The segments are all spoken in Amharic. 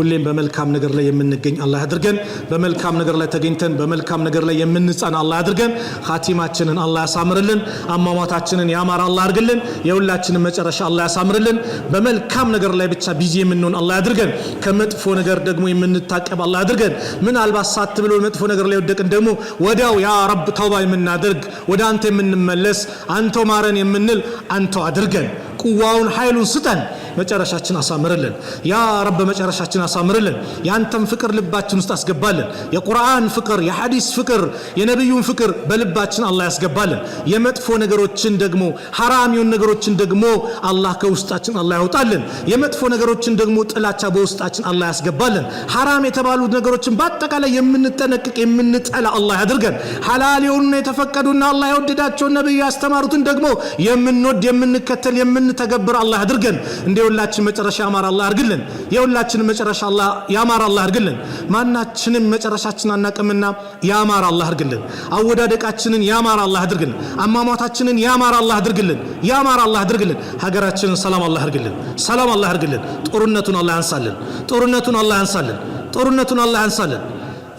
ሁሌም በመልካም ነገር ላይ የምንገኝ አላህ አድርገን። በመልካም ነገር ላይ ተገኝተን በመልካም ነገር ላይ የምንጸና አላህ አድርገን። ኻቲማችንን አላህ ያሳምርልን። አሟሟታችንን ያማረ አላህ አድርግልን። የሁላችንን መጨረሻ አላህ ያሳምርልን። በመልካም ነገር ላይ ብቻ ቢዚ የምንሆን አላህ አድርገን። ከመጥፎ ነገር ደግሞ የምንታቀብ አላህ አድርገን። ምናልባት ሳት ብሎ መጥፎ ነገር ላይ ወደቅን ደግሞ ወዲያው ያ ረብ ተውባ የምናደርግ ወደ አንተ የምንመለስ አንተው ማረን የምንል አንተው አድርገን። ቁዋውን ኃይሉን ስጠን። መጨረሻችን አሳምርልን። ያ ረብ መጨረሻችን አሳምርልን። ያንተን ፍቅር ልባችን ውስጥ አስገባልን። የቁርአን ፍቅር፣ የሐዲስ ፍቅር፣ የነቢዩን ፍቅር በልባችን አላህ ያስገባልን። የመጥፎ ነገሮችን ደግሞ ሐራሚውን ነገሮችን ደግሞ አላህ ከውስጣችን አላህ ያውጣልን። የመጥፎ ነገሮችን ደግሞ ጥላቻ በውስጣችን አላህ ያስገባልን። ሐራም የተባሉ ነገሮችን በአጠቃላይ የምንጠነቅቅ የምንጠላ አላህ ያድርገን። ሐላል የሆኑና የተፈቀዱና አላህ የወደዳቸውን ነብዩ ያስተማሩትን ደግሞ የምንወድ የምንከተል የምንተገብር አላህ ያድርገን። የሁላችን መጨረሻ ያማር አላህ አድርግልን። የሁላችን መጨረሻ ያማረ አላህ አርግልን ማናችንም መጨረሻችን አናቅምና ያማራ አላህ አርግልን አወዳደቃችንን ያማር አላህ አድርግልን። አማማታችንን ያማር አላህ አድርግልን። ያማረ አላህ አድርግልን። ሀገራችንን ሰላም አላህ አርግልን ሰላም አላህ አርግልን ጦርነቱን አላህ ያንሳልን። ጦርነቱን አላህ ያንሳልን። ጦርነቱን አላህ ያንሳልን።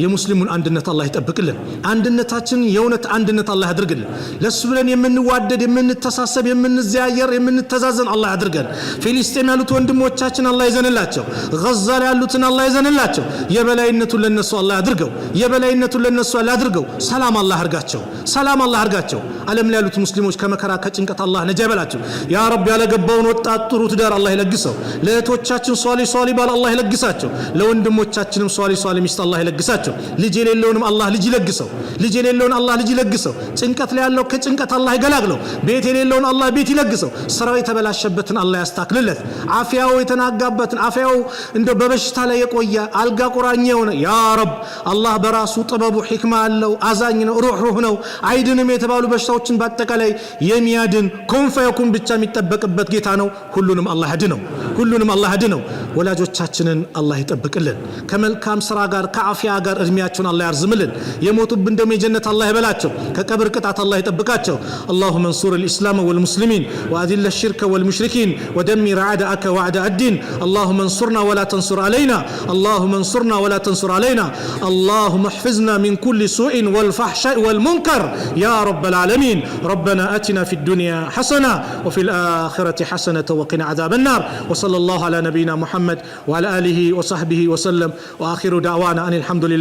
የሙስሊሙን አንድነት አላህ ይጠብቅልን። አንድነታችን የእውነት አንድነት አላህ ያድርግልን። ለሱ ብለን የምንዋደድ፣ የምንተሳሰብ፣ የምንዘያየር፣ የምንተዛዘን አላህ ያድርገን። ፊሊስጤም ያሉት ወንድሞቻችን አላህ ይዘንላቸው። ገዛ ላይ ያሉትን አላህ ይዘንላቸው። የበላይነቱን ለነሱ አላህ ያድርገው። የበላይነቱን ለነሱ አላህ ያድርገው። ሰላም አላህ አርጋቸው። ሰላም አላህ አርጋቸው። ዓለም ላይ ያሉት ሙስሊሞች ከመከራ ከጭንቀት አላህ ነጃ ይበላቸው። ያ ረብ ያለገባውን ወጣት ጥሩ ትዳር አላህ ይለግሰው። ለእህቶቻችን ሷሊ ሷሊ ባል አላህ ይለግሳቸው። ለወንድሞቻችንም ሷሊ ሷሊ ሚስት አላህ ይለግሳቸው። ይስጣቸው። ልጅ የሌለውንም አላህ ልጅ ይለግሰው። ልጅ የሌለውን አላህ ልጅ ይለግሰው። ጭንቀት ላይ ያለው ከጭንቀት አላህ ይገላግለው። ቤት የሌለውን አላህ ቤት ይለግሰው። ስራው የተበላሸበትን አላህ ያስታክልለት። አፍያው የተናጋበትን አፍያው እንደ በበሽታ ላይ የቆየ አልጋ ቁራኛ የሆነ ያ ረብ አላህ በራሱ ጥበቡ ሕክማ አለው። አዛኝ ነው፣ ሩህሩህ ነው። አይድንም የተባሉ በሽታዎችን በአጠቃላይ የሚያድን ኩን ብቻ የሚጠበቅበት ጌታ ነው። ሁሉንም አላህ ያድነው። ሁሉንም አላህ ያድነው። ወላጆቻችንን አላህ ይጠብቅልን ከመልካም ስራ ጋር ከአፍያ ጋር እድሜያቸውን አላህ ያርዝምልን። የሞቱብን ደም የጀነት አላህ ይበላቸው፣ ከቀብር ቅጣት አላህ ይጠብቃቸው። اللهم انصر الإسلام والمسلمين وأذل الشرك والمشركين ودمر أعداءك وأعداء الدين اللهم انصرنا ولا تنصر علينا اللهم انصرنا ولا تنصر علينا اللهم احفظنا من كل سوء والفحشاء والمنكر يا رب العالمين ربنا أتنا في الدنيا حسنة وفي الآخرة حسنة وقنا عذاب النار وصلى الله على نبينا محمد وعلى آله وصحبه وسلم وآخر دعوانا أن الحمد لله